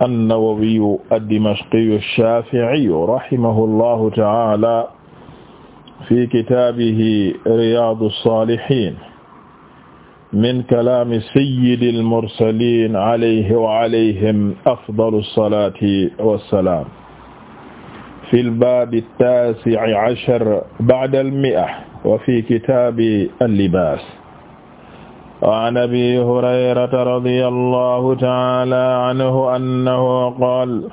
an-Nawawiyu ad-Dimashqiyu ash-Shafi'iyu rahimahullahu ta'ala fi kitaabihi Riyaadu as-Saalihiin min kalaami sayyidil mursaliin alayhi wa alayhim afdalu as-salaati was-salaam fil baabi at-taasi'i ashar ba'da al-mi'a wa fi kitaabi al-libaas waan abi hurayrata radiyallahu ta'ala anhu annahu qaala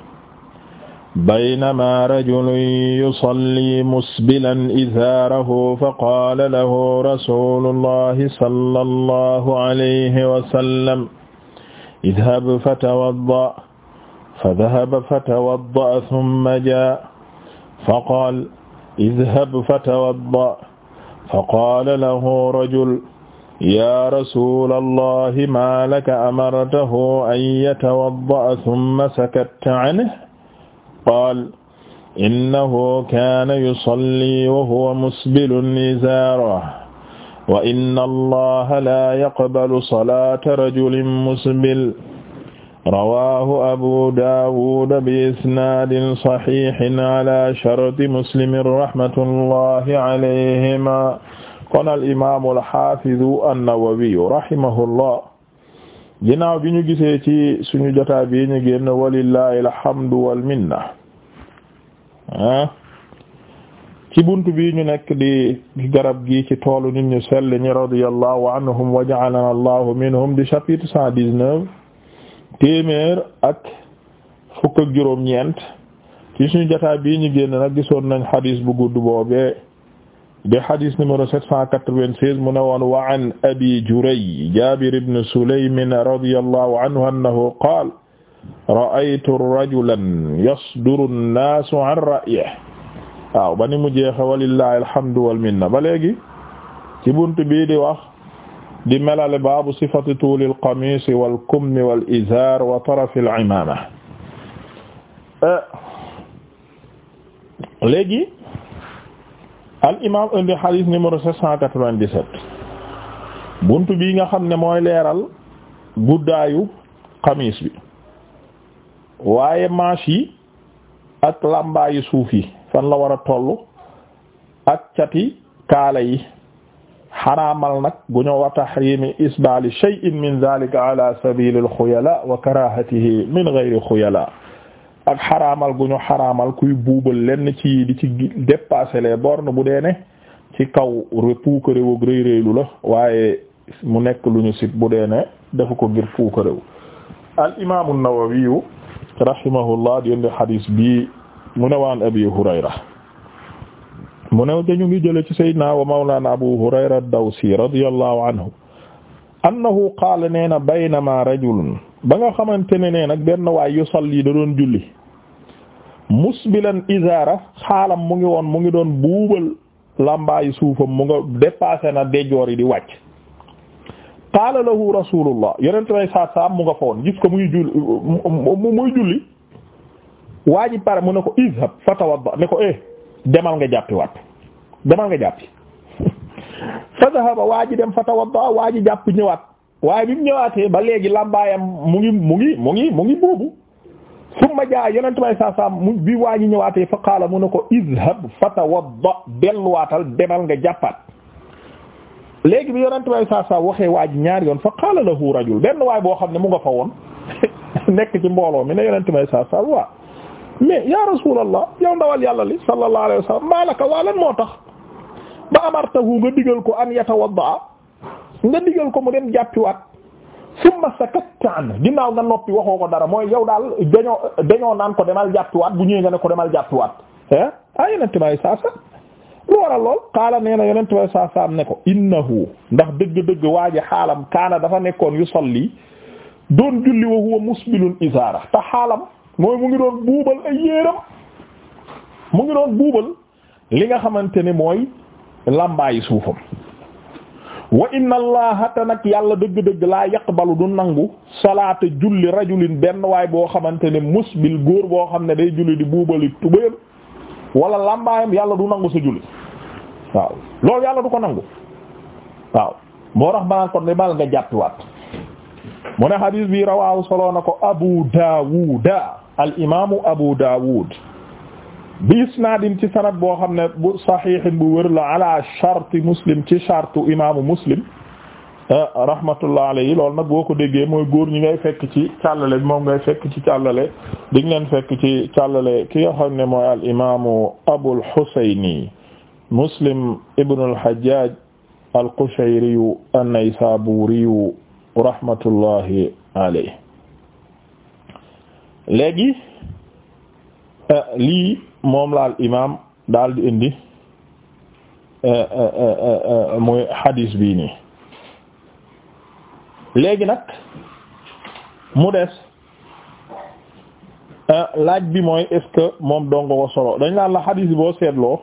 baynamaa rajulun yusalli musbilan izaarahu faqaala lahu rasuulullahi sallallahu alayhi wa sallam idhab fatawadda' fadhahaba fatawadda'a thumma jaa'a faqaala idhab fatawadda' faqaala lahu rajulun yaa rasuulallahi maa laka amartahu an yatawadda'a thumma sakatta anhu qaala innahu kaana yusalli wa huwa musbilun izaarahu wa inna allaha laa yaqbalu salaata rajulin musbil rawaahu abu daawuda bi isnaadin saxiixin alaa sharti muslimin rahmatullahi alayhimaa kon al imaamu al xaafidu an-Nawawiyu rahimahullah ginnaaw bi ñu gisee ci suñu jotaay bi ñu génn walillahi alhamdu wal minna ah. ci buntu bi ñu nekk di garab gi ci toolu nit ñu sell ñi radiyallahu anhum wa ja'alana allahu minhum di chapitre cent dix-neuf ak fukk ak ñeent ci suñu jotaay bi ñu génn nag gisoon nañ xadiis bu gudd boobee di xadis numéro 796 mu ne woon wa an abi Juray Jaabir ibn Sulaym radiyallahu anhu annahu qaala ra'aytu rajulan yasduru an-naasu an ra'yihi waaw ba ni mu jeexe walillahi alhamdu wal minna ba léegi ci bunt bii di wax di melale baabu sifati tuuli al-qamiisi wal kummi wal izaar wa tarafi al-imaama eh, léegi al imaam indi xadis numéro 797 buntu bii nga xam ne mooy leeral guddaayu xamis bi waaye manche yi ak làmbaayu suuf yi fan la war a toll ak cati kaala yi xaraamal nag gu ñu wa tahrimi isbaali shay'in min zalika ala sabili al xuyala wa karahatihi min ghayri xuyala ak xaraamal gu ñu xaraamal kuy buubal lenn ci di ci dépasser les bu dee ne ci kaw puukare wu rëy rëylu la waaye mu nekk lu ñu sit bu dee ne dafa ko ngir puukare wu. al imaamu Nawawi rahimahullah di indi xadiis bi mu ne waan Abi Hurayra mu ne dañu ngi jële ci Seydina wa Mawlana Abu Hurayra ad-Dawsi radiyallahu anhu annahu qaala nee na baynama rajulun ba nga xamante ne nee nag benn waay yusalli da doon julli musbilan izaara xaalam mu ngi woon mu ngi doon buubal làmbaayu suufam mu nga dépassé na dejoor yi di wàcc qaala lahu rasulullah yonente may saat saam mu nga fa woon gis ko muy julli waa ji pare mu ne ko izhab fatawadda ne ko eh demal nga jàppi waat demal nga jàppi fa waa ji dem fatawadda waa ji jàpp ñëwaat waaye bi mu ñëwaatee ba léegi làmbaayam mu ngi mu ngi mu ngi mu ngi boobu summa jaa yonent saa saa mu bi waa ñu ñëwaatee fa qaala mu ne ko izhab fatawadda delluwaatal demal nga jàppaat léegi bi yonent may waa ji ñaar yoon fa qaala lahu rajul benn waay boo xam ne mu nga fa woon nekk ci mbooloo mi ne yonent may saa saa waa mais ya rasulallah yow ndawal yàlla li sallallahu alayhi wa sallam maalaka waa lan moo tax ba amartahu nga digal ko an yatawadda nga digal ko mu dem jàppiwaat summa sakatta an ginnaaw nga noppi waxoo ko dara mooy yow daal dañoo dañoo naan ko demal jàppiwaat bu ñëwee nga ne ko demal jàppiwaat ah ah yonent may saa sa lu waral lool kaala nee na yonent may saa am ne ko innahu ndax dëgg-dëgg waa ji xaalam kaana dafa nekkoon yu solli doon julli wa huwa musbilun isaara te xaalam mooy mu ngi doon buubal ay yéeram mu ngi doon buubal li nga xamante ne mooy làmbaayi suufam wa inna allaha te nag yàlla dëgg-dëgg laa yaqbalu du nangu salaata julli rajulin benn waay boo xamante ne musbil góor boo xam ne day julli di buubali tubéyam wala làmbaayam yàlla du nangu sa julli waaw loolu yàlla du ko nangu waaw moo tax manaan kon ni bal nga jàppiwaat mu ne xadiis bi rawaahu solo na ko abu daawuda al imaamu abu daawud bi isnaadin ci sanad boo xam ne bu saxiixin bu wér la ala sharti muslim ci shartu imaamu muslim rahmatullah alayhi loolu nag boo ko déggee mooy góor ñi ngay fekk ci càllale bi moom ngay fekk ci càllale di leen fekk ci ki nga ne mooy al imaamu abul xusayni muslim ibn al hajjaj al qushayri an moom laal imaam daal di indi eh, eh, eh, muy hadis bii nii léegi nag mu des laaj bi mooy est que moom dong ko solo dañ naan la hadis boo seetloo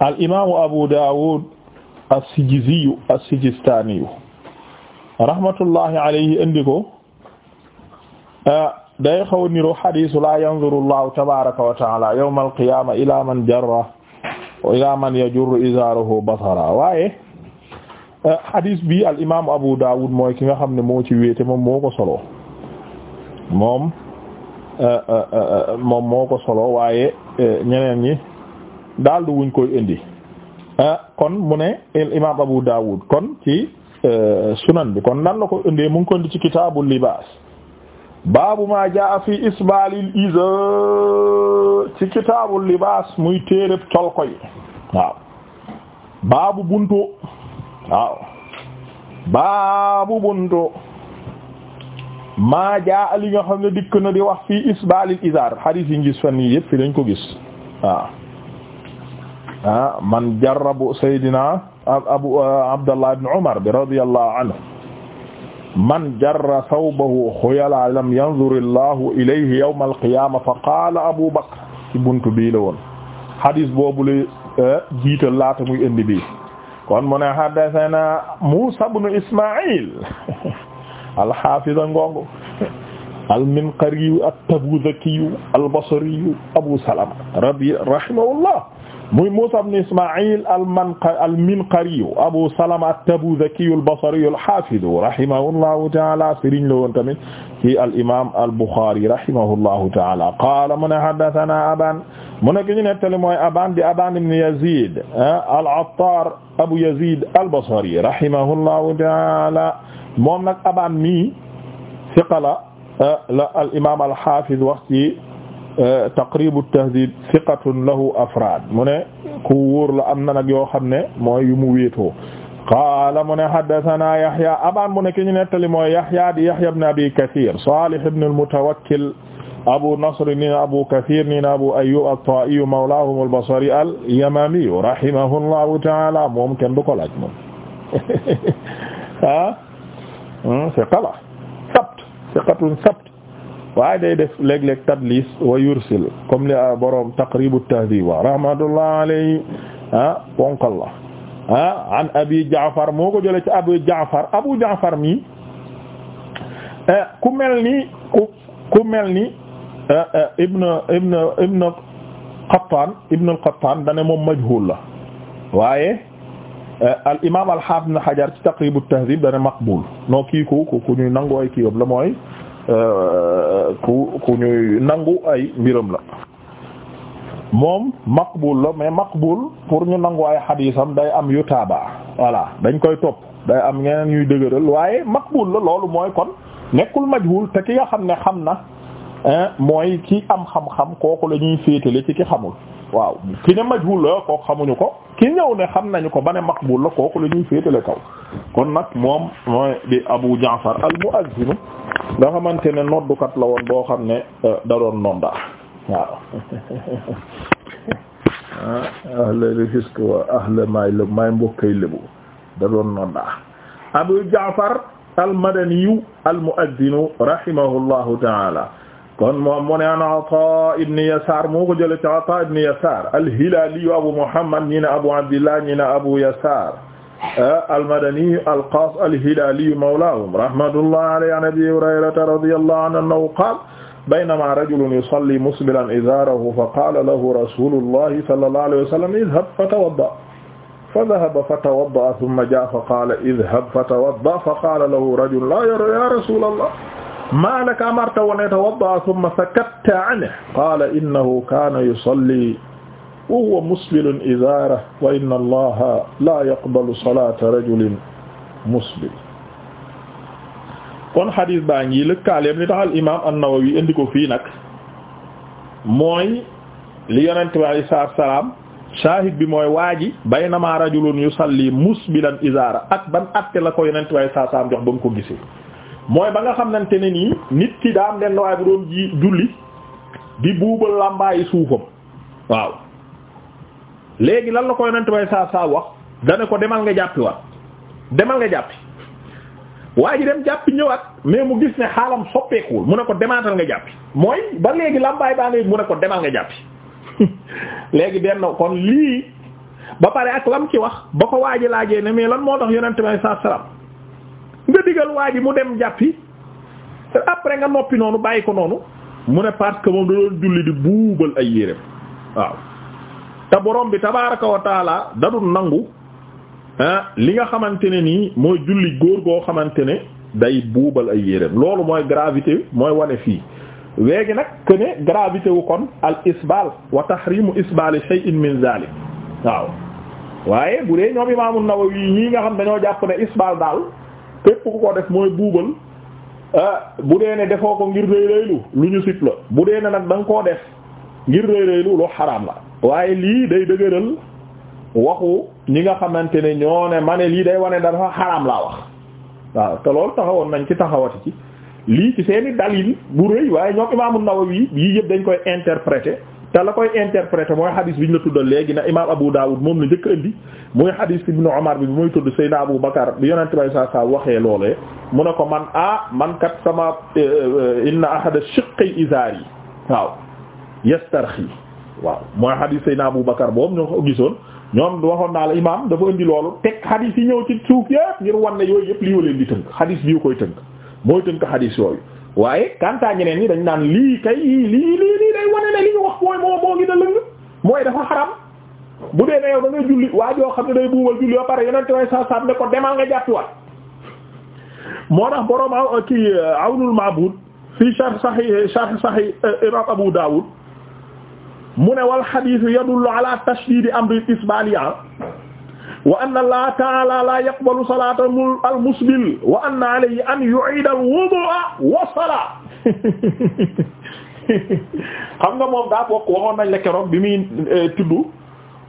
al imaamu Abu Dawud as-Sijiziyu as-Sijistaniyu rahmatullahi alayhi indi ko. day xaw a niroo xadiisu laa yanzuru llahu tabaaraka wa ta'aala ilaa man jarra ilaa man yajurru izaarahu basara waaye eh, xadiis bi al imaamu Abu Daawud mooy ki nga xam ne moo ci wéete moom moo ko solo moom eh, eh, moo ko solo waaye ñeneen ñi daal du wuñ koy indi kon mu ne al imaam Abu Daawud kon ci sunan bi kon nan la ko indee mu ngi ko indi kitaabul libaas baabu ma jaa fi isbalil izar ci kitaabul libaas muy téereb col koy waaw baabu buntu waaw jaa li nga xam ne dikk na di wax fii isbalil izar hadis yi ngis fan fi dañ ko gis waaw ah man jarrabu saydina abu abdallah ibn umar bi radiyallahu anhu man jarra thawbahu xuyala lam yanzur allahu ilayhi yawma alqiyama fa qaala abu bakr ci buntu bii la woon hadis boobu la eh, jiital laata muy indi bii kon mu ne haddathana Muusaa ibn Ismaa'il al-Haafiz Ngongo al-Minqariyu at-Tabuudhakiyu al-Basriyu Abu Salama rabi rahimahullah muy Muusaa ibn Ismaa'iil al-Minqari Abu Salama at-Tabuzaki al-Basri al-Haafiz rahimahullahu ta'aala sëriñ la woon tamit ci al-imaam al-Buxaari rahimahullahu ta'aala qaala mu ne haddathanaa Abaan mu ne ki ñu nettali mooy Abaan di Abaan ibn Yaziid ah, al-Attaar Abu Yaziid al-Basri rahimahullahu ta'aala moom nag Abaan mi siqa la ah, la al-imaam al-Haafiz wax ci taqribu tahdib thiqatun lahu afraad mu ne ku wóor la am na nag yoo xam ne mooy yu mu wéetoo qaala mu ne haddathana yahya abaan mu ne ki ñu nettali mooy yahya di yahya ibn abi kathir salih ibn al-mutawakkil abu nasr ni na abu kathir ni na abu ayyub at-ta'i mawlahum al-basri al-yamami rahimahullahu ta'ala moom kenn du ko laaj moom ah hmm, thiqa la sabt thiqatun sabt waaye day def léeg-léeg tadlis wa yursil comme li ah, borom taqribu tahdib wa rahmatullah alayhi ah la ah jaafar moo ko jëlee ci abu jaafar abu jaafar mi eh, ku mel ni ku ku mel ni eh, eh, ibn ibn ibn qattan ibn al-qattan dane moom majhul la waaye al imam al hafiz ibn hajar ci taqribu tahdib dane maqbul no kii ku ku ñuy nangooy la mooy Euh, ku ku ñuy nangu ay mbiram la moom maqbul la mais maqbul pour ñu nangu ay xadiisam day am yu taaba voilà dañ koy topp day am ñeneen ñuy dëgëral waaye maqbul la loolu mooy kon nekkul majhul te ki nga xam ne xam na mooy ki am xam-xam kooku la ñuy féetale ci ki xamul waaw ki ne majhul la kooku xamuñu ko ki ñëw ne xam nañu ko ba ne maqbul la kooku la ñuy féetale kaw kon nag moom mooy di Abu Jaafar al muazzinu nga xamante ne noddukat la woon boo xam ne euh, da doon nondaa waaw ah, ahla rifisk wa ahla may lëbu may mbokkay lëbu da doon noddaa Abu Jaafar al madaniyu al muazzinu rahimahullahu taala kon moom mu ne an Ata ibn Yasar moo ko jëlee ci Ata ibn Yasar al-Hilali Abu Muhammad ñi ne Abu Abdillah ñi ne Abu Yasar al-Madani al-Qas al-Hilali mawlahum rahmatullah alayhi an Abi Hurayrata radiyallahu anhu annahu qala baynama rajulun yusalli musbilan izarahu faqala lahu rasulullahi sallallahu alayhi wa sallam idhhab fatawadda' فذهب فتوضأ ثم جاء فقال اذهب فتوضأ فقال له رجل لا يا رسول الله ma laka amarta wa an yatawadda'a thumma sakatta anhu qaala innahu kaana yusalli wa huwa musbilun izaarahu wa inna allaha laa yaqbalu salaata rajulin musbil kon xadis baa ngi lëkkaaleem li taxal imaam an-Nawawi indi ko fii nag mooy li yonent bi alayhi salaatu wa salaam saahid bi mooy waa ji baynamaa rajulun yusalli musbilan izaarahu ak ban atte la ko yonent bi alayhi salaatu wa salaam jox ba mu ko gisee mooy ba nga xamante ne nii nit ki daa am benn waaye bu doon ji julli di buubal làmbaayi suufam waaw léegi lan la ko yonent bay saa saa wax dana ko demal nga jàppi waat demal nga jàppi waa ji dem jàppi ñëwaat mais mu gis ne xaalam soppeekuwul mu ne ko demaatal nga jàppi mooy ba léegi làmbaay baa nga mu ne ko demal nga jàppi léegi benn kon lii ba pare ak lam ci wax ba ko waa waaji laajee ne mais lan moo tax yonent bay saa salaam nga digal waa ji mu dem jàppi après nga noppi noonu bàyyi ko noonu mu ne part que moom da doon julli di buubal ay yéreem waaw te borom bi tabaaraka wa taala da du nangu ah, li nga xamante ne nii mooy julli góor goo xamante ne day buubal ay yéreem loolu mooy gravité mooy wane fii léegi nag que ne gravité wu kon al isbal wa tahrimu isbali shay'in min zalik waaw waaye bu dee ñoom imaamu Nawawi ñii nga xam dañoo jàpp ne isbal daal képp ku ko def mooy buubal ah, bu dee ne defoo ko ngir rëy rëylu lu ñu sip la bu dee ne nag da nga koo def ngir rëy rëylu lu xaraam la waaye lii day dëgëral waxu ñi nga xamante ne ñoo ne ma lii day wane dafa xaraam laa wax waaw te loolu taxawoon nañ ci taxawati ci lii ci seeni dalil bu rëy waaye ñoom imaamu Nawawi yii yëpp dañ koy interpréter te la koy interpréter mooy xadis bi ñu la tuddal léegi na imaam Abu Dawud moom la njëkk indi muy xadis ibnu Umar bi bi muy tudd Seydina Abu Bakar bi yonent bay saa saa waxee loolee mu ne ko man ah man kat sama eh, eh, inna ahada shiqqi izaar yi waaw yastarxi waaw mooy xadis Seydina Abu Bakar boobu ñoo ko gisoon ñoom waxoon naa la imaam dafa indi loolu teg xadis yi ñëw ci suuf yëpp ngir wan na yooyu yëpp lii yoo leen di tënk xadis bi yu koy tënk mooy tënk xadis yooyu waaye kantaa ñeneen ñi dañ naan lii kay lii lii lii day wane ne li wax moo moo ngi da lëng mooy dafa xaram bu dee ne yow da ngay julli waa joo xam ne day buubal julli ba pare yonente way sa sam ne ko demal nga jàppiwaat moo tax boroom aw kii awnul ma'bud fii sharh sahih sharh sahih imam abu dawud mu ne wal hadith yadullu ala am amri isbaliya wa anna allah ta'ala la yaqbalu salata al musbil wa anna alayhi an yu'ida al wudu'a wa salat xam nga moom daa bokk waxoon nañ la keroog bi muy euh, tudd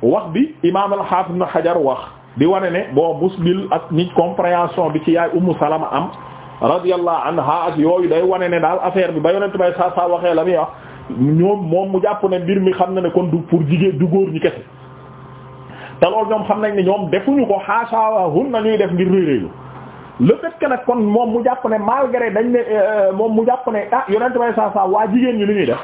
wax bi imam al hafiz ibn hajar wax di wane ne bon musbil ak nit compréhension bi ci yaay ummu salama am radiyallahu anha ak yooyu day wane ne daal affaire bi ba yonent bay saa saa waxee la muy ñoom moom mu jàpp ne mbir mi xam na ne kon du pour jigéen du góor ñi kese te loolu ñoom xam nañ ne ñoom defuñu ko xaasawa hun nañuy def ngir réeréelu le fait que nag kon moom mu jàpp ne malgré dañ ne euh, moom mu jàpp ne ah yonent bay saa saa waa jigéen ñi li ñuy def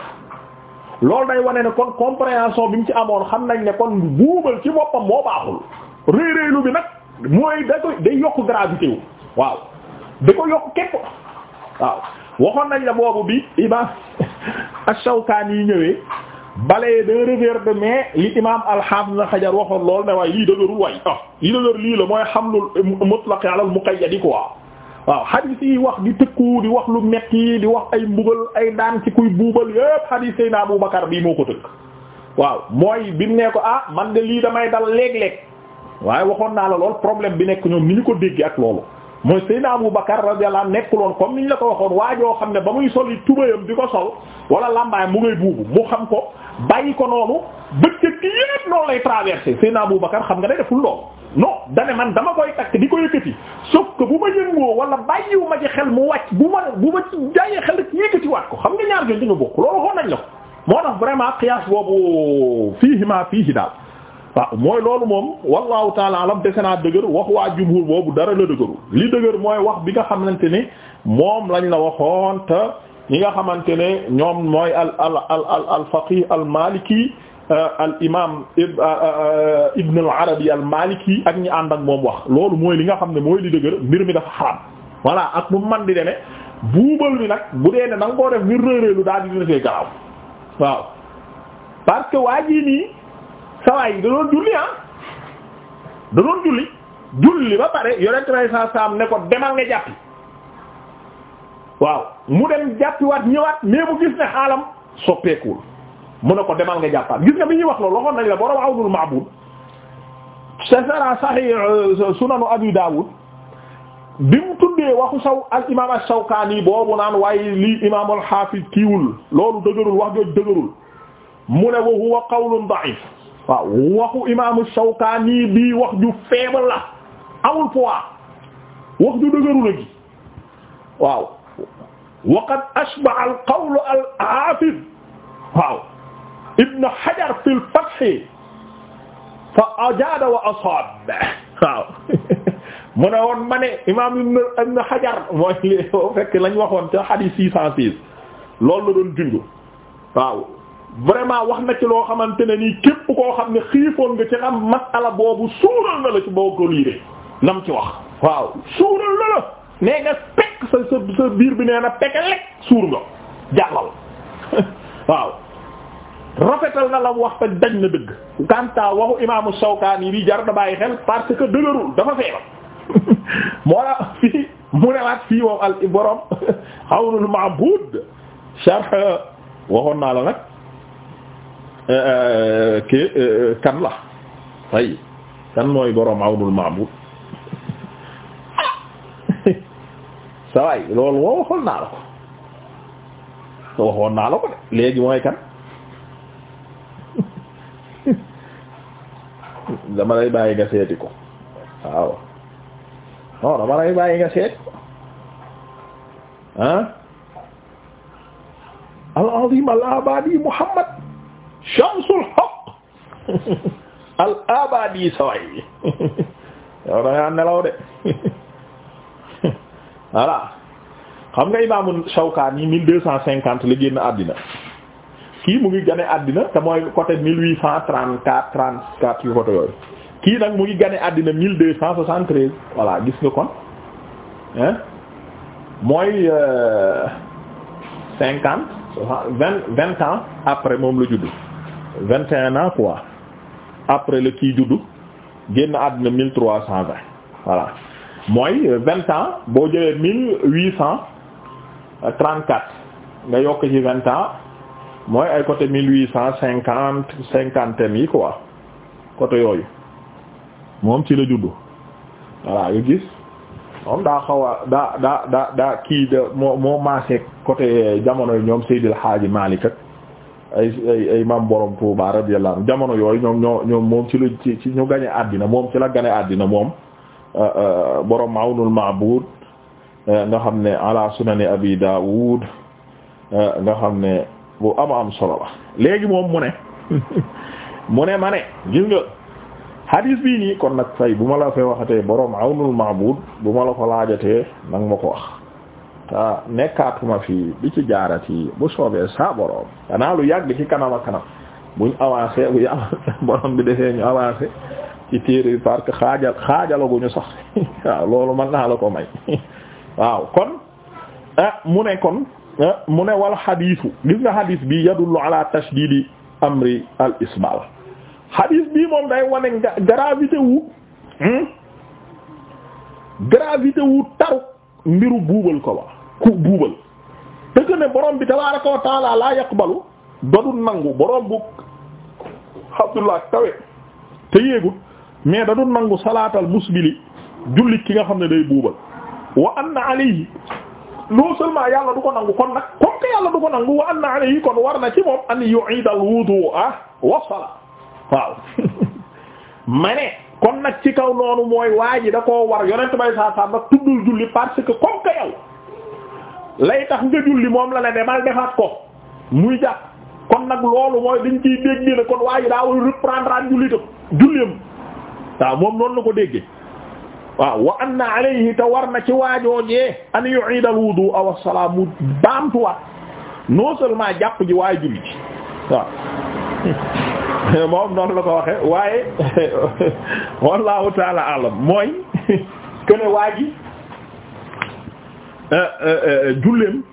loolu day wane ne kon compréhension bi mu ci amoon xam nañ ne kon buubal ci boppam moo baaxul réeréelu bi nag mooy da koy day yokk gravité wu waaw da ko yokk képp waaw waxoon nañ la boobu bi Iba ash yi ñëwee balayé d'un revers de main li imam al na Hajar waxoon lool ne waaye lii dëgërul waay ah, lii dëgër lii la mooy xam lu ala al-muqayyad quoi waaw hadith yi wax di tëkku di wax lu metti di wax ay mbugal ay daan ci kuy buubal yépp hadith Seydina Abu Bakar bii moo ko tëkk waaw mooy bi ne ko ah man de lii damay dal léeg-léeg waaye waxoon naa la lool problème bi nekk ñoom ni ñu ko dégg ak loolu mooy Seydina Abu Bakar radiyallahu anhu nekkuloon comme ni ñu la ko waxoon waajoo xam ne ba muy soli tubayam di ko sol wala lambaay mu ngay buubu mu xam ko bàyyi ko noonu bëccëg yépp noonu lay traversé Seydina Abu Bakar xam nga ne deful loolu non dane man dama koy takk di ko yëkkati sauf que bu ma yëngoo wala bàyyiwu ma ci xel mu wàcc bu ma bu ma jàyyee xel rek yëkkatiwaat ko xam nga ñaar jooju dañu bokk loolu xool nañ la moo tax vraiment qiyaas boobu fiihi ma fiihi daal waaw mooy loolu moom wallahu taala alam dese naa dëgër wax waa jumhur boobu dara la dëgëru li dëgër mooy wax bi nga xamante ni moom lañ la waxoon te ñi nga xamante ne ñoom mooy al al al al al faqih al maliki euh, al imam euh, euh, ibn al arabi al maliki ak ñi ànd ak moom wax loolu mooy li nga xam ne mooy li dëgër mbir mi dafa xaram voilà ak mu man di demee buubal bi nag bu dee ne da nga def ngir réeréelu daal di dina see garaw waaw parce que waa ji nii sawaay yi da doon julli ah da doon julli julli ba pare yonent may saa saam ne ko demal nga jàppi waaw mu dem jàppiwaat ñëwaat mais bu gis ne xaalam soppeekuwul mu ne ko demal nga jàppaat gis nga bi ñuy wax loolu waxoon nañ la borom Awnul Ma'bud sa sara Sahih euh, Sunan Abi Dawud bi mu tuddee waxu saw al imaam as boobu naan waaye lii imaam al-Hafiz kiiwul loolu dëgërul wax jooju dëgërul mu ne wa huwa qawlun da'if waaw waxu imaamu Shawkaani bii wax ju faible la amul poids wax ju dëgëru la gi waaw waqad ashba al qawl al hafiz waaw ibn Hajar fi al fath fa ajaada wa asaab waaw mu ne woon ma ne imaam ibn Hajar mooy li fekk lañ waxoon ca hadith six cent six loolu la doon jundu waaw vraiment wax na ci loo xamante ne nii képp koo xam ne xiifoon nga ci xam ala boobu suural na la ci boo ko liiree nam ci wax waaw suural na la nee nga pekk sa sa biir bi nee na pekk lekk suur nga jàllal waaw rafetal na la wax te daj na dëgg kanta waxu imaamu Shawkaani bi jar na bàyyi xel parce que dëgërul dafa feebar moo la fii mu newaat fii moom al borom Awnul Ma'bud sharh waxoon naa la nag Euh, euh, euh, ki kan la ay kan mooy boroom awnul ma'bud saway loolu woo waxoon naa la ko waxoon naa la ko de léegi mooy kan dama lay nga seeti ko waaw non dama lay nga seeti ko ah al azim al abadi muhammad shamsul haqq al abadi saway yow da ngaa nelaw de voilà xam nga imaamu Shawkaani mille deux cent cinquante la génn àddina kii mu ngi gane àddina te mooy côté mille huit cent trente quatre trente quatre yu kii nag mu ngi gane àddina mille deux cent soixante treize voilà gis nga kon hein mooy euh, cinquante vingt vingt ans après moom la juddu vingt et un ans quoi après la kii juddu génn àdduna mille trois cent vingt voilà mooy vingt ans boo jëlee mille huit cent trente quatre nga yokk ci vingt ans mooy ay côté mille huit cent cinquante cinquante yi quoi côté yooyu moom ci la juddu voilà yu gis moom daa xaw a daa daa daa kii da moo moo maasee côté jamono yi ñoom Seydil Hadji Malick ak ay ay maam borom Touba radiyallahu anhu jamono yooyu ñoom ñoo ñoom moom ci la ci ci ñu gañe àddina moom ci la gañe àddina moom euh, euh, borom Awnul Ma'bud euh, nga xam ne ala sunani Abi Dawud nga xam ne bu ama am solo la léegi moom mu ne mu ne ma ne gis nga hadis bii nii kon nag fay bu ma la fee waxatee borom Awnul Ma'bud bu ma la ko laajatee nang ma ko wax ta nekkaatuma fii di ci jaarati bu soobee sa borom danaa lu yàgg ci kanam ak kanam avancé bu yàlla borom bi defee ñu avancé ci téere bi parce que xaajal xaajalaguñu sax loolu mën naa la ko may waaw kon ah, mu ne kon ah, mu ne wal xadiisu gis nga xadiis bi yadullu ala tashdidi amri al isbal xadiis bi moom day wane gravité wu hmm? gravité wu taru mbiru buubal ko ku buubal te que ne borom bi tabaaraka wa taala laa yaqbalu dootul nangu borom bu Abdullah tawe te yéegut mais da nangu salaatal musbili jullit ki nga xam ne day buubal wa anna alayhi non seulement yàlla du ko nangu kon nag comme que yàlla du ko nangu wa anna alayhi kon war na ci moom an yu'ida al-wudu'a ah, wa salaa waaw ma ne kon nag ci kaw noonu mooy waa ji da koo war yonent bay saa nag tuddul julli parce que comme que yow lay tax nga julli moom la la demal defaat ko muy jàpp kon nag loolu mooy dañ ciy dégg ne kon waaye daa war reprendre an julli tam waaw moom noonu la ko déggee waaw wa anna alayhi te war na ci waajoojee an yu'id al wudu aw as-salam mu baamtuwaat non seulement jàpp ji waaye julli ji waaw moom noonu la ko waxe waaye wallahu taala alam mooy kene waaji Euh, euh, euh, julleem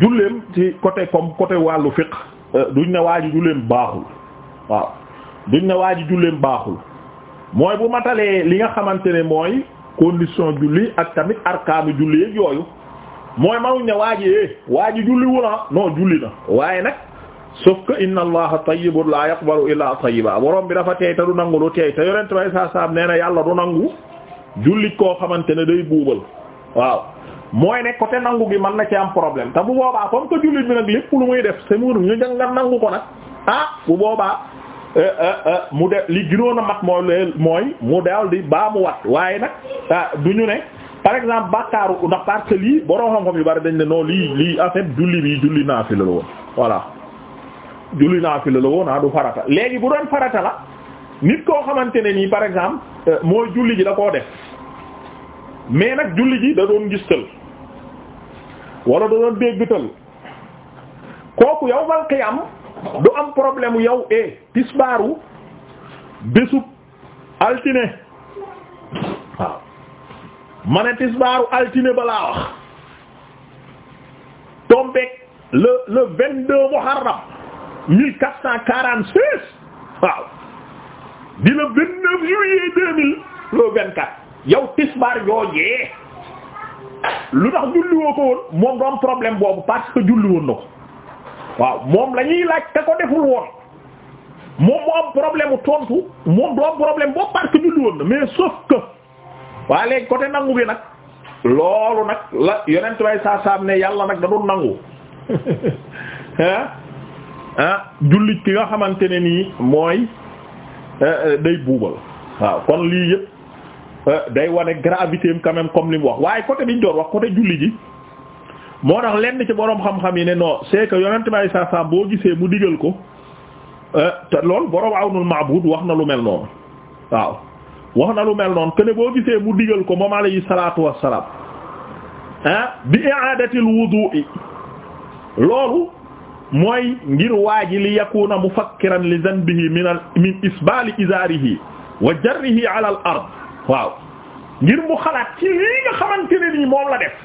julleem ci côté comme côté wàllu fiqh duñ ne waa ji julleem baaxul waaw duñ ne waa ji julleem baaxul mooy bu matalee li nga xamante ne mooy condition julli ak tamit arkaanu julli ak yooyu mooy manuñ ne waa ji eh, waa ji julli wu na ah, non julli na waaye nag sauf que inna allaha tayyibun la yaqbalu illa tayyiba borom bi dafa teey te du nangu lu teey te yonent bay saa saam nee na yàlla du nangu jullit koo xamante ne day buubal waaw mooy ne côté nangu gi mën na ci am problème te bu boobaa comme que jullit bi nag lépp lu muy def c'est mu ñu jàng nangu ko nag ah bu boobaa euh, euh, euh, mu de li gënoon a mat mooy l mooy mu daal di baa mu wat waaye nag ah, du ñu ne par exemple bàkkaaru ndax parce que lii borom xam-xam bari dañ ne non lii lii en fait julli bi julli naafila la woon voilà julli naafila la woon ah du farata léegi bu doon farata la nit koo xamante ne nii par exemple mooy julli ji da koo def mais nag julli ji da doon gis wala da déggtal kooku yow mal qiyam du am problème yow e tisbaaru bésub altine waaw ma ne tisbaaru altine balaa wax tombeek le le vingt-deux muharram mille quatre cent quarante-six waaw di le vingt-neuf juillet deux mille le vingt-quatre yow tisbaar joojee lu tax julliwoo ko woon moom du problème boobu parce que julli woon na ko waaw moom lañuy ñuy laaj te ko deful woon moom mu am problème tontu moom du problème boobu parce que julli na mais sauf que waa léegi côté nangu bi nag loolu nag la yonent bay saa ne yàlla nag da doon nangu ah ah jullit ki nga xamante ne nii mooy euh, euh, day buubal waaw kon lii yëpp. Euh, day wane gravité am quand comme li mu wax waaye côté biñ doon wax côté julli ji moo tax lenn ci boroom xam-xam yi ne non c'est que yonent bi saa saa boo gisee mu digal ko lool euh, loolu boroom Awnul Ma'bud wax na lu mel noonu waaw wax na lu mel noonu que ne boo gisee mu digal ko moom alayhi salaatu wassalaam ah bi i'aadatil wudu'i loolu mooy ngir waaji li yakuna mufakkiran li zanbihi min min isbaali izaarihi wa jarrihi ala al ard waaw ngir mu xalaat ci lii nga xamante ne nii moom la def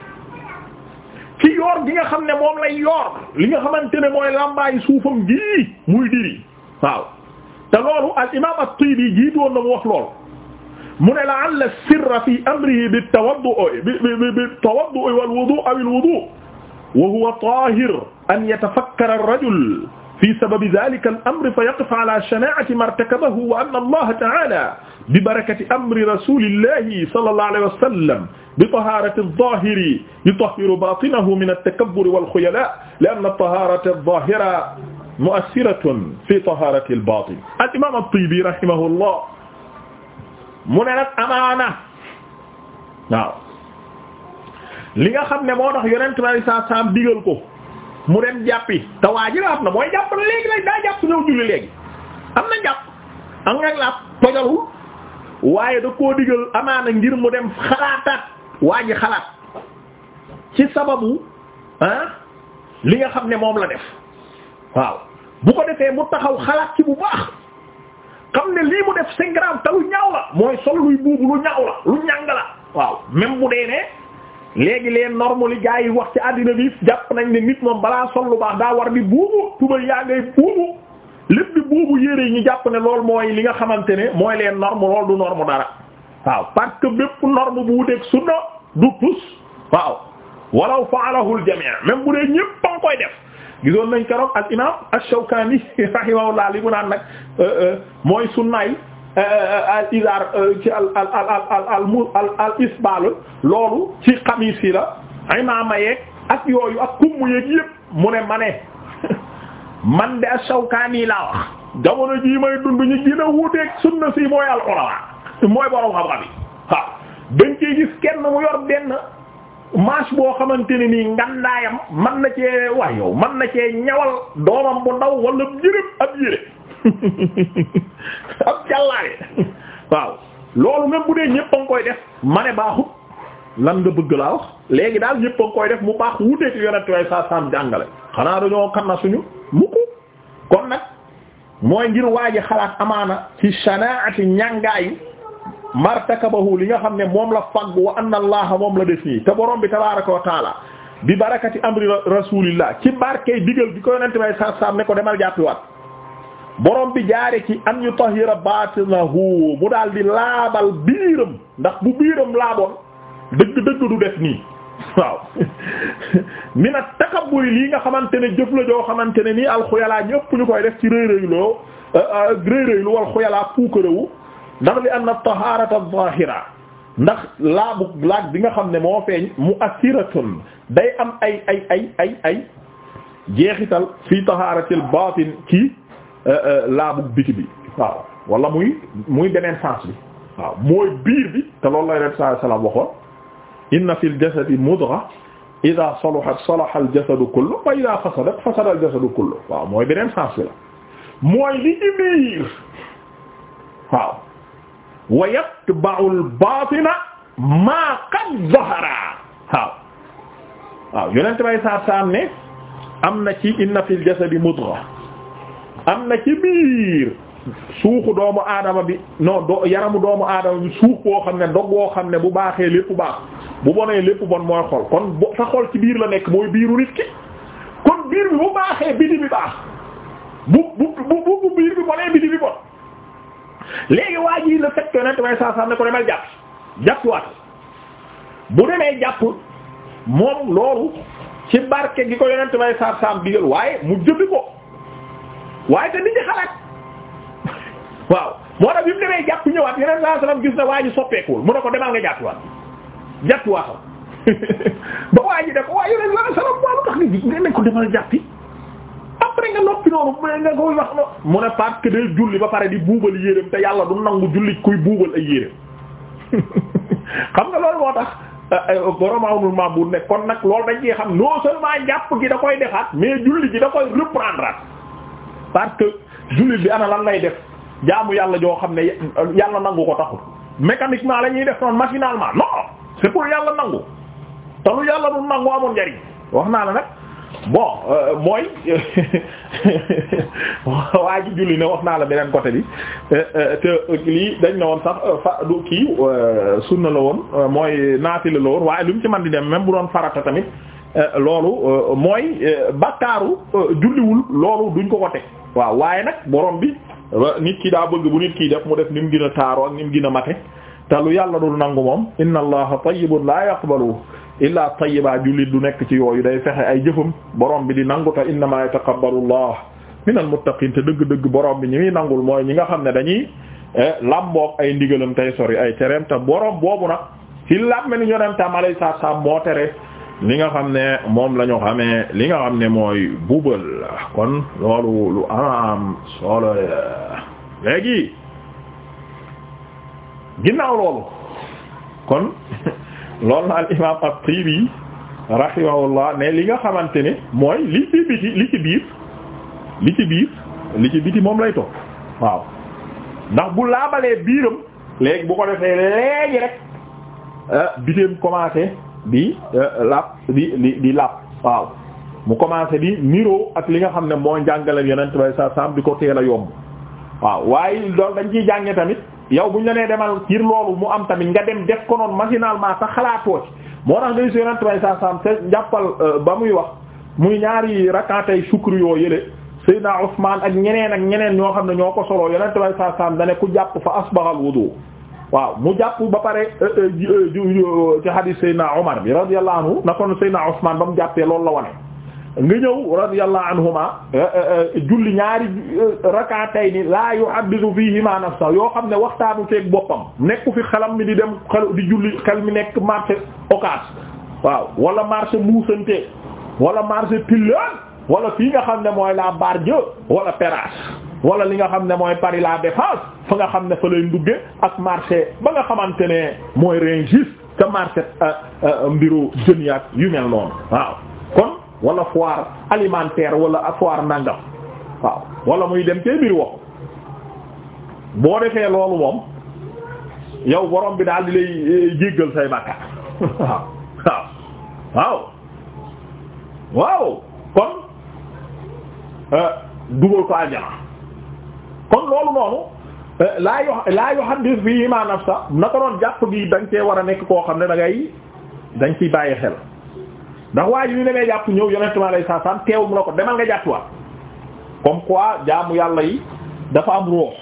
ci yoor gi nga xam ne moom lay yoor li nga xamante ne mooy làmbaayu suufam gii muy diri waaw te loolu al imaam at-Tiibi jiitu woon na mu wax lool mu ne la'alla sirra fi amrihi bi tawaddu'i bi bi tawaddu'i wal wudu'i aw al wudu'i wa huwa taahir an yatafakkara ar-rajul fi sababi dhaalika al-amri fa yaqifa ala shanaa'ati ma irtakabahu wa anna Allaha ta'aala bi barakati amri rasulillahi sallallahu alayhi wa sallam bi taharati adh-dhahiri yutahhiru batinahu min at-takabbur wal-khuyala li'anna at-taharata adh-dhahira mu'assiratun fi taharati al-batin al-imam at-Tibi rahimahullah mu ne nag amaana waaw li nga xam ne moo tax yonent bi saa saam digal ko mu dem jàppi te waa ji laab na mooy jàpp na léegi nag daa jàpp ñëw julli léegi am na jàpp am nga laab tojalul waaye da koo digal amaana ngir mu dem xalaataat waa ji xalaat ci sababu ah li nga xam ne moom la def waaw bu ko defee mu taxaw xalaat ci bu baax xam ne lii mu def c'est grave te lu ñaaw la mooy sol luy buubu lu ñaaw la lu ñàng la waaw même mu dee ne léegi leen normes li gars yi wax ci àddina bi jàpp nañ ne nit moom balaa sol lu baax daa war di buubu tuba yaa ngay buubu lépp bi yére yi ñu jàpp ne loolu mooy li nga xamante ne mooy leen norme loolu du norme dara waaw parce que bépp norme bu wuteeg sunna du tus waaw walaw fa'alahu al-jami' bu dee ñépp ba nga koy def gisoon nañ keroog al imam ash-Shawkani rahimahullah li mu naan nag euh, euh, mooy sunnaay euh, al izar loolu ci xamiis yi la ay maama ak yooyu ak kumm yeeg yépp mu ne ma man de Shawkaani laa wax jamono jii may dund ñu gën a wuuteeg sunna si mooy al ulama mooy borom xam-xam yi dañ ciy gis kenn mu yor benn manche boo xamante ne nii ngandaayam man na cee wax yow man na cee ñawal doomam bu ndaw wala jërëb ab yére ab waaw loolu même bu dee ñépp koy def ma ne baaxut lan nga bëgg laa wax léegi daal ñépp a ngi koy def mu baax wuuteeg yonent way sa sam jàngale xanaa dañoo kan na suñu mukk kon nag mooy ngir waaji xalaat amaana ci shanaati ñàngaayu martakabahu li nga xam ne moom la fagg wa anna allah moom la def nii te borom bi tabaaraka wa taala bi barakati amri rasulillah ci barkey digal bi ko yonente may sa sam ne ko demal jàppiwaat boroom bi jaare ci an yutahhira batinahu mu daal di laabal biiram ndax bu biiram laaboon dëgg-dëgg du def nii waaw mina takabbur lii nga xamante ne jëf la joo xamante ne nii alxuyalaa ñëpp ñu koy def ci rëy rëyloo rëy euh, euh, rëylu wal xuyalaa puukarewu ndax li anna taharata ndax laabu laaj bi nga xam ne moo feeñ mu asiratun day am ay ay ay ay ay jeexital fii taharatil batin ci euh, laabu biti bi waaw walla muy muy beneen fans bi waaw mooy biir bi te loolu lay ret saa sallam waxoon inna fil jasadi mudgha ida salahat salaha al jasadu kullu wa ida fasadat fasada al jasadu kullu waaw mooy beneen sens bi la mooy li ci biir waaw wa yatba'u al batina ma qad zahara waaw waaw yonent bay saar saam ne am na ci inna fil jasadi mudgha am na ci biir suuxu doomu aadama bi non do yaramu doomu aadama bi suux boo xam ne dog boo xam ne bu baaxee lépp baax bu bonee lépp bon mooy xol kon bo sa xol ci biir la nekk mooy biiru nit ki kon biir bi bu baaxee biti bi baax bu bu bu bu biir bi bonee biti bi bon léegi waa ji la fekk yonent may saa saa ne ko demal jàpp jàpp demee jàpp moom loolu gi ko yonent may saa waaye mu jëfi ko waaye te nit ñi xalaat waaw moo tax bi mu demee jàpp ñëwaat yonent saa saa gis na waa ji soppeekuwul mu ne ko demal nga jàpp waat jàpp waaxam ba waa ji ne waaye yore la waaw tax nga ji nga ne ko demal jàppi après nga noppi noonu mu nga koy wax no ne parce que day julli ba pare di buubal yéreem te yàlla du nangu julli kuy buubal ay yéreem nga loolu moo tax euh, euh, borom amul bu ne kon nag loolu dañ ci xam non seulement jàpp gi da koy defaat mais julli gi da koy reprendre parce que julli bi ana lan lay def jaamu yàlla joo xam ne yàlla nangu ko taxul mécaniquement la ñuy def noonu machinalement non. c'est yàlla nangu te lu yàlla du nangu amul njariñ wax naa la nag bon euh, mooy waa ji julli ne wax naa la beneen côté bi euh, euh, te lii dañ ne woon sax fa kii sunna la woon mooy naafila la woon waaye lu mu ci man di dem même bu doon farata tamit loolu mooy bakkaaru julliwul loolu duñ ko ko waaw waaye nag borom bi nit ki daa bëgg bu nit kii def mu def ni mu gën a taaroo ak ni mu gën a mate te lu yàlla dul nangu moom inna allaha tayyibun la yaqbalu illa tayyiba jullit du nekk ci yooyu day fexe ay jëfam boroom bi di nangu te innama yataqabbalu allah minal muttaqin te dëgg-dëgg borom bi ñi muy nangul mooy ñi nga xam ne dañuy eh, làmboog ay ndigalam tay sori ay tereem te borom boobu nag ci làmme ni yonentam alayhi salaam moo tere li nga xam ne moom la ñu xamee li nga xam ne mooy bubal kon loolu lu am solo léegi ginnaaw loolu kon loolu na al imaam at-Tiibi rahimahullah ne li nga xamante ne mooy li ci biti li ci biir li ci biir li ci biti moom lay topp waaw ndax bu laabalee biiram léegi bu ko defee léegi rek euh, biteem commencé di euh, laab di di di laab waaw mu commencé di niroo ak li nga xam ne moo njàngale yonent bay sa sam di ko teel a yomb waaw waaye loolu dañ ciy jànge tamit yow bu ñu nee demal ngir loolu mu am tamit nga dem def ko noonu machinalement sa xalaatoo ci moo tax ngay seen antibay saa saam te njàppal euh, ba muy wax muy ñaari rakkaatay sukru yoo yële Seydina Ousmane ak ñeneen ak ñeneen ñoo xam ne ñoo ko soloo yonent bay saa saam da ne ku jàpp fa asbaxal wudu waaw mu jàpp ba pare euh, euh, ci hadith Seydina Omar bi radiyallahu anhu na kon Seydina Ousmane ba mu jàppee loolu la wane. nga ñëw radiyallahu anhuma eh, eh, eh, julli ñaari rakaatay ni laa yuhaddisu fiihima nafsa yoo xam ne waxtaanu ceeg boppam nekku fi xelam mi di dem di julli xel mi nekk marché occas waaw wala marché muusante wala marché pillaan wala fii nga xam ne mooy la Bardieu wala Perrache wala li nga xam ne mooy Paris la Défense fa nga xam ne fa lay ndugge ak marché ba nga xamante ne mooy Rungis te marché mbiru jën yaak yu mel noonu waaw wala foire alimentaire wala foire nangam waaw wala muy dem cee mbir wax boo defee loolu moom yow borom bi daal di lay eh, jéggal say bàkkaar waaw waaw waaw kon eh, dugal ko aljana kon loolu noonu eh, laa yo- laa yoxandis fi imaanaf sax na ko doon jàpp gi dañ cee war a nekk koo xam ne da dañ ciy bàyyi xel ndax waa ji ñu demee jàpp ñëw yonentement lay saa san teew mu la ko demal nga jàppuwaat comme quoi jaamu yàlla yi dafa am ruux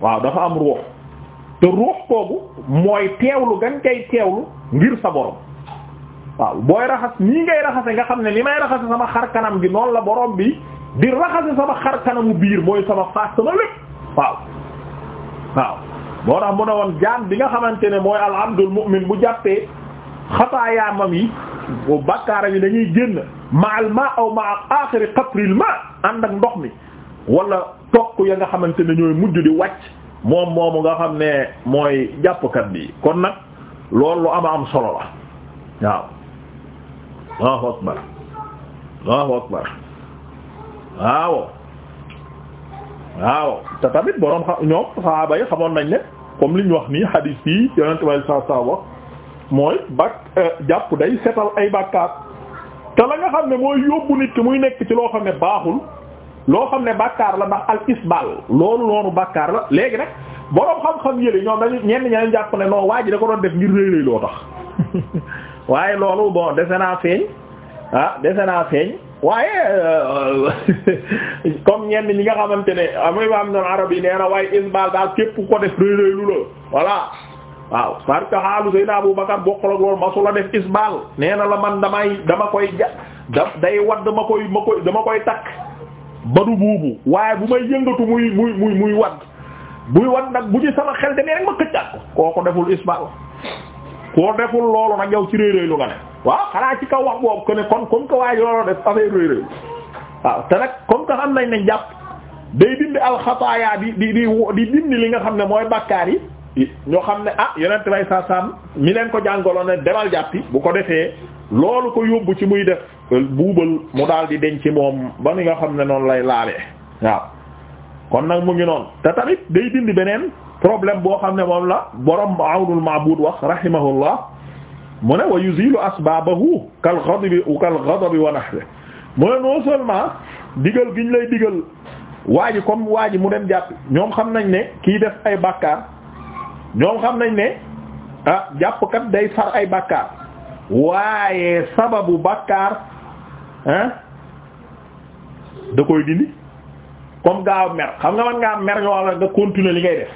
waaw dafa am ruux te ruux koogu mooy teewlu gan kay teewlu ngir sa borom waaw booy raxas nii ngay raxase nga xam ne li may raxase sama xar kanam gi noonu la boroom bi di raxase sama xar kanamu biir mooy sama faas sama lépp waaw waaw moo tax mu ne woon jaam bi nga xamante ne mooy al abdul mu'min bu jàppee xataayaamam yi bu yi dañuy génn ma'al ma aw ma aaxiri qatril ma ànd ak ndox mi wala toq ya nga xamante ne ñooy mujj di wàcc moom moomu nga xam ne mooy jàppkat bi kon nag lool lu ama am solo la waaw Allahu akbar Allahu akbar waaw te tamit boroom xam ñoom sahaaba xamoon nañ ne comme li ñu wax nii hadis yi yonent way sa sa wax mooy bak euh, jàpp day setal ay bàkkaar te la nga xam ne mooy yóbbu nit ki muy nekk ci loo xam ne baaxul loo xam ne bàkkaar la ndax al isbal loolu noonu bàkkaar la léegi nag boroom xam-xam yére ñoom dañu ñenn ñeneen jàpp ne non waa ji da ko doon def ngir réy réy loo tax waaye loolu bon dese naa feeñ ah dese naa feeñ waaye euh, comme ñenn ñi nga xamante ne am imam non arab yi nee na waaye isbal daal képp ko def réy réy lu la voilà waaw parce que xaalu Seydina Abu Bakar bokkul ak loolu masula def isbal nee na la man damay dama koy ja da day wadd ma koy ma koy dama koy takk ba du buubu waaye bu may yëngatu muy muy muy muy wadd buy wadd nag bu ci sama xel demee rek ma këccaat ko kooku deful isbal koo deful loolu nag yow ci réeréy lu nga ne waaw xanaa ci kaw wax boobu que ne kon comme que waaye loolu def affaire waaw nag comme que nañ ne jàpp day dindi alxataaya di di di di dindi li nga xam ne mooy bàkkaar yi ñoo xam ne ah yonent bay saa saam mi leen ko jàngaloon ne demal jàppi bu ko defee loolu ko yóbbu ci muy def euh, buubal mu daal di denc moom ba ni nga xam ne noonu lay laalee waaw kon nag mu ngi noonu te tamit day dindi beneen problème boo xam ne moom la borom awnul maabud wax rahimahullah mu ne wa yuzilu asbabahu kal ghadabi kal ghadabi wa nahwi mu ne non seulement digal giñ lay digal waa ji comme waa ji mu dem jàppi ñoom xam nañ ne kii def ay bàkkaar ñoom xam nañ ne ah jàppkat day far ay bàkkaar waaye sababu bàkkaar ah da koy dindi comme gaaw mer xam nga man ngaa mer ñoo xam ne nga continuer li ngay def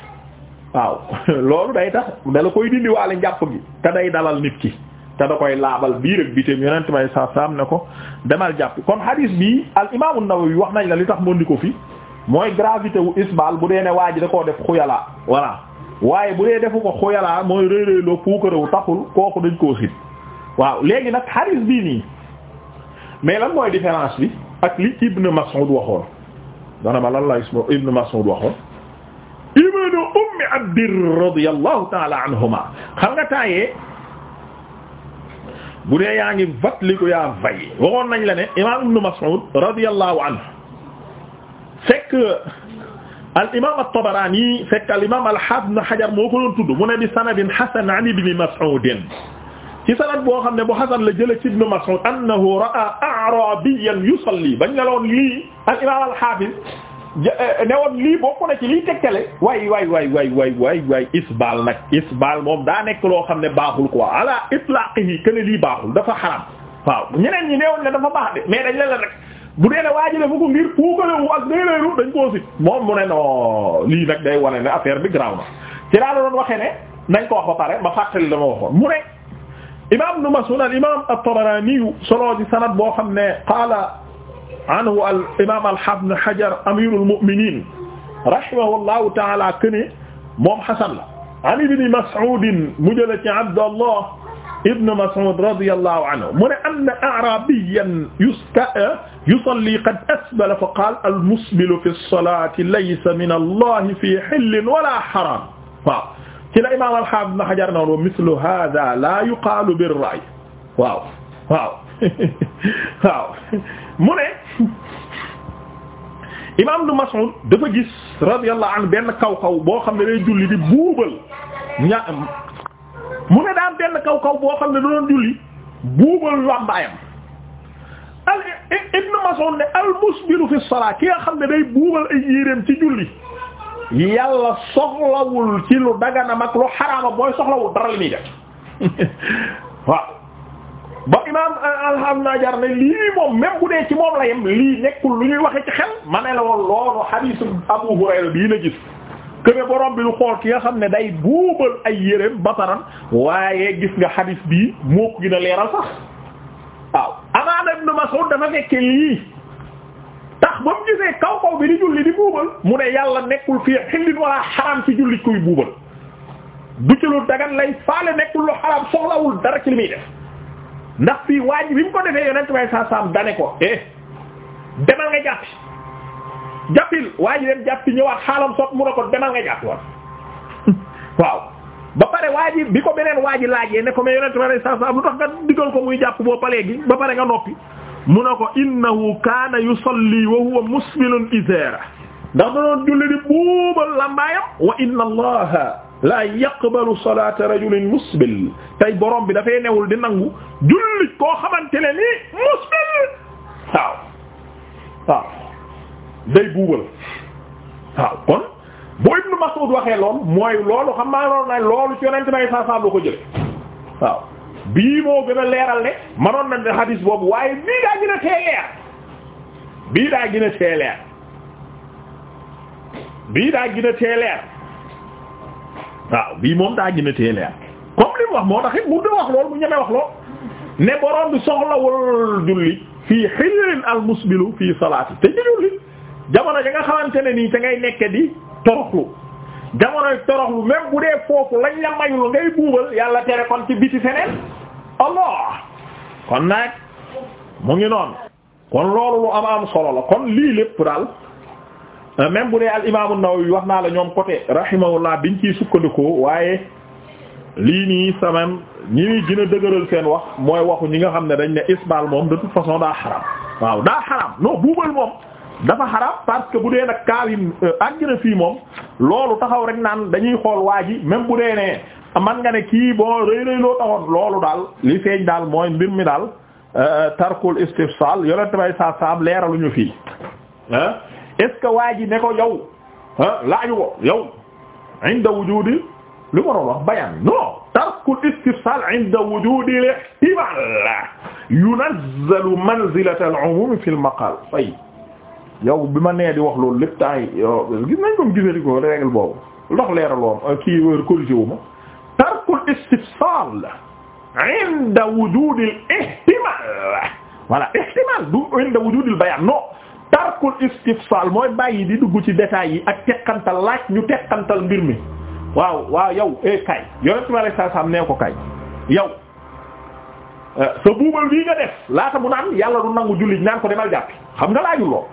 waaw loolu day tax da la koy dindi waale jàpp bi te day dalal nit ki te da koy laabal biir ak bitim yonent may sa saam ne ko demal jàpp kon hadis bi al imaamu Nawawi wax nañ la li tax mën di ko fi mooy gravité wu isbal bu dee ne waa ji da koo def xuyala voilà waaye bu dee defu ko xuyalaa mooy réeréeloo puukarewu taxul kooku dañ koo sit waaw léegi nag xaris bii nii mais lan mooy différence bi ak li Ibn Mas'ud waxoon dana ma lan la Ibn Mas'ud waxoon ibnu ummi abdir radiyallahu taala anhuma xam nga taayee bu dee yaa ngi vat li ko yaa vaye waxoon nañ la ne imam Ibn Mas'ud radiyallahu anhu fekk al imaam at-Tabarani fekk al imaam al-Haafiz Ibn Hajar moo ko doon tudd mu ne bi sanadin hasan an Ibn Mas'ud ci sanad boo xam ne bu Hasan la jëlee ci Ibn Mas'ud annahu ra'a a'rabiyyan yusalli bañ ne la woon lii al imaam al-Haafiz eh, eh, ne woon lii bokk na ci lii tegtale waay waay waay waay waay waay waay isbaal nag isbaal moom daa nekk loo xam ne baaxul quoi ala itlaqihi ken lii baaxul dafa xaram waaw ñeneen ñi ne woon ne dafa baax de mais dañ la la rek. bu dee ne waa ji dafa ko ngir puukarewu ak déeréeru dañ koo sit moom mu ne no lii nag day wane ne affaire bi graw na ci laa la doon waxe ne nañ ko wax ba pare ma fàttali dama mu ne imam nu Mas'ud al imam at-Tabarani soloo ci sanad boo xam ne qaala anhu al imam al-Hafiz Hajar amirul mu'minin rahimahullahu ta'ala kene moom Hasan la an ibn Mas'ud mu jële ci Abdallah ibn Mas'ud radiyallahu anhu mu ne anna a'rabiyan yusta eh, yusalli qad asbala fa qaala al-musbilu fi as-salaati laysa min Allah fi hillin wala haram waaw ci la imaam al-Haafiz Ibn Hajar na wa mislu haadha laa yuqaalu bir-ra'y waaw waaw waaw mu ne imaam Ibn Mas'ud dafa gis radiyallahu anhu benn kaw kaw boo xam ne day julli di buubal ña mu ne daan benn kaw kaw boo xam ne da doon julli buubal làmbaayam al Ibn Mas'ud al musbilu fi salaa ki nga xam ne day buubal ay yéreem ci julli yàlla soxlawul ci lu daganam ak lu xaraama booy soxlawul dara li muy ba imaam al jar ne lii moom même bu dee ci moom la lii nekkul lu ñuy waxe ci xel ma ne la woon loolu hadiisu Abu bii la gis këne borom bi lu xool ki nga xam ne day buubal ay yéreem basaran waaye gis nga xadis bii moo ko gën a leeral sax waaw amaana Ibn Mas'ud dafa fekke lii tax ba mu gisee kaw kaw bi di julli di buubal mu ne yàlla nekkul fii xillin wala xaram ci julli kuy buubal du ci lu dagan lay faale nekkul lu xaram soxlawul dara ci def ndax fii waa bi mu ko defee yonent bay saa saam dane ko eh demal nga jàppi jàppil waa ji dem jàppi ñëwaat xaalam sot mu ne ko demal nga jàpp waaw ba pare waa ji bi ko beneen waa ji laajee ne ko mais yonente ma ne sa sa lu tax nga digal ko muy jàpp boo palee gi ba pare nga noppi mu ne ko innahu kaana yusalli wa huwa musbilun izara ndax da doon julli di buubal lambaayam wa inna allaha la yaqbalu salata rajulin musbil tey borom bi dafay newul di nangu jullit koo xamante ne nii musbil waaw waaw day buubal waaw kon boo Ibnu Mas'ud waxee lool mooy loolu xam maa loolu na loolu ci yonent may saasaam la na ne xadiis boobu waaye bii daa gën daa gën a moom daa gën a tee leer comme li mu wax moo tax bu dee wax lool mu ñeme wax lool ne borom bi soxlawul julli fii xilrin al musbilu salaati te ci julli jamono ja nga xamante ne nii te ngay nekk di toroxlu jamonoy toroxlu même bu dee foofu lañ la mayul ngay buubal yàlla tere kon ci biti feneen allah kon nag mu ngi noonu kon loolu lu am am solo la kon lii lépp daal même bu dee al imaamu Nawawi wax naa la ñoom côté rahimahullah biñ ciy sukkandikoo waaye lii nii samam ñi ñuy gën a dëgëral seen wax mooy waxu ñi nga xam ne dañ ne isbal moom de toute façon daa xaram waaw daa xaram non buubal moom dafa xaraam parce que bu dee nag kaaw yi euh, àjjana fii moom loolu taxaw rek naan dañuy xool waa ji même bu dee ne man nga ne kii boo rëy loolu daal li feeñ daal mooy mbir mi daal euh, tarkul istifsal yore tamay saa saam leeraluñu fii ah est ce que waa ji ne ko yow ah laaju ko yow inda wujudi li ma doon wax bayaan non tarkul istifsal inda wujudi lihtimal yunazzalu manzilata al-umum fi al-maqal yow bi ma nee di wax loolu lépp temps yi gis nañ ko gisati ko règle boobu ndox leeraloon euh, kii wër euh, corrigé wu ma tarkul istifsal inda wujudil ihtimal voilà ihtimal du inda wujudil bayan non mooy bàyyi di dugg ci détails yi ak teqantal laaj ñu teqantal mbir mi waaw waaw yow e kay yonent bi saa salaam nee ko kay yow euh, sa buubal bii nga def laata mu naan yàlla du nangu jullit naan ko demal jàppi xam nga laaju lool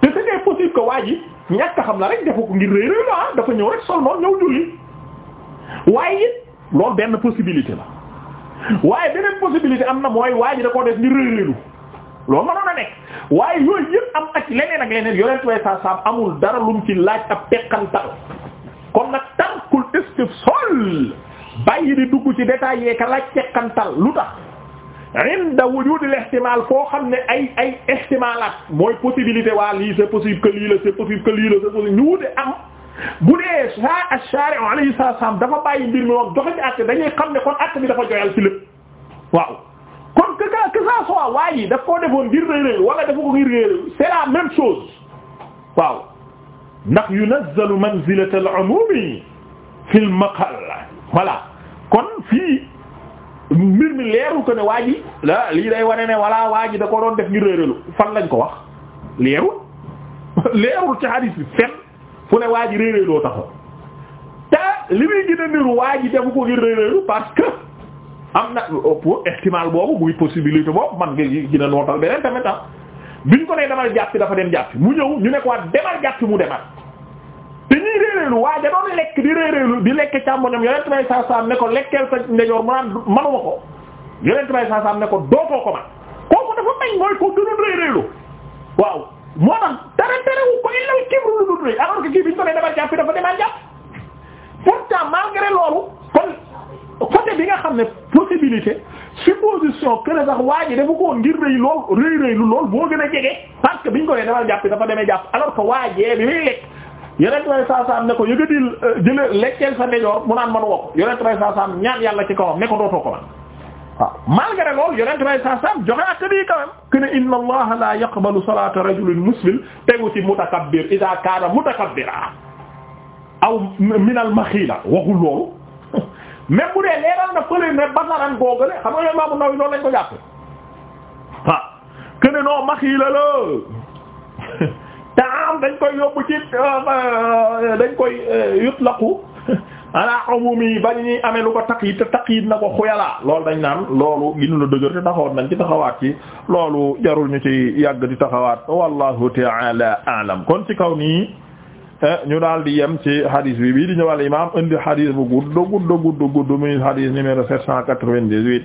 te c'est possible que waa ji ñàkk xam na rek defu ko ngir rëy rëy la ah dafa ñëw rek sol noonu ñëw julli waaye it loolu benn possibilité la waaye beneen possibilité am na mooy waa ji da koo def ngir rëy rëylu ma mënoon a nekk waaye yooyu yëpp am ak leneen ak leneen yonent way sa sam amul dara mu ci laaj ab teqantal kon nag tarkul istifsal bàyyi di dugg ci détail yeeka laaj teqantal lu tax inda wujud l'ihtimal foo xam ne ay ay ihtimalat mooy possibilité waa lii c'est possible que lii la c'est possible que lii la c'est possible ñu wute am bu dee saa ash-shari'u alayhi salaam dafa bàyyi mbir mi wax joxe ci acte dañuy xam ne kon acte bi dafa joyal ci lépp waaw kon que ça que ça soit waa yi daf koo defoon ngir réeréer wala dafa ko ngir réeréer c'est la même chose waaw ndax yunazzalu manzilata al-umumi fi al-maqal voilà kon fii. mbir mi leerul ko ne waa ji la lii day wane ne walla waa ji da ko doon def ñu réeralu fan lañ ko wax leerul leerul ci hadis fen fu ne waa ji réeraloo taxaw te li muy gën a niru waa ji defu ko ngir réeralu parce que am na pour estimal boobu muy possibilité boobu man nga gën a nootal beneen tamit tax ah. bi ñu ko nee demal jàppi dafa dem jàppi mu ñëw ñu ne ko waa demal jàppi mu demal dañuy réeréelu waaye da doon lekk di réeréelu di lekk càmmoñam yonent bay saa saam ne ko lekkeel sa ndejoor mu naan manuma ko yonent bay saa saam ne ko doo ko man kooku dafa mañ mooy ko gënoon réeréelu waaw moo tax dara lu dul rëy alors que kii bi ko nee dafa jàpp dafa demaat jàpp pourtant malgré loolu kon côté bi nga xam ne possibilité supposition que ne sax waa ji dafa ko ngir rëy lool lu lool boo gën a jege parce que bi ñu ko nee dafa jàpp dafa demee jàpp alors que waa jee bi muy yonent bay saasaam ne ko yëgatil euh, jële lekkeel sa ndejoor a naan manu wokk yonent bay saasaam ñaan yàlla ci kawam ne ko dootoo ko man waaw malgré loolu yonent bay saasaam joxe ak bii quand même que ne inna allaha la yaqbalu salata rajulin muslim tegu ci mutakabbir idha kana mutakabbira aw min al maxiila waxul loolu même bu dee leeral na fële ne basaran googale xam nga Imaamu Nawawi lool lañ ko jàpp waaw que ne non maxiila la te am dañ koy yóbbu ci euh, dañ koy euh, yutlaqu ala umumi ba ñu amee lu ko taqyid te taqyid na ko xuyalaa loolu dañ naan loolu ginu la dëgër te taxawoon nañ ci taxawaat ci loolu jarul ñu ci yàgg di taxawaat wallahu ta'ala a'lam kon ci kaw nii eh, ñu daal di yem ci hadis bi bii di ñëwal imam indi hadis bu gudd gudd gudd gudd muy hadis numéro sept cent quatre-vingt-dix-huit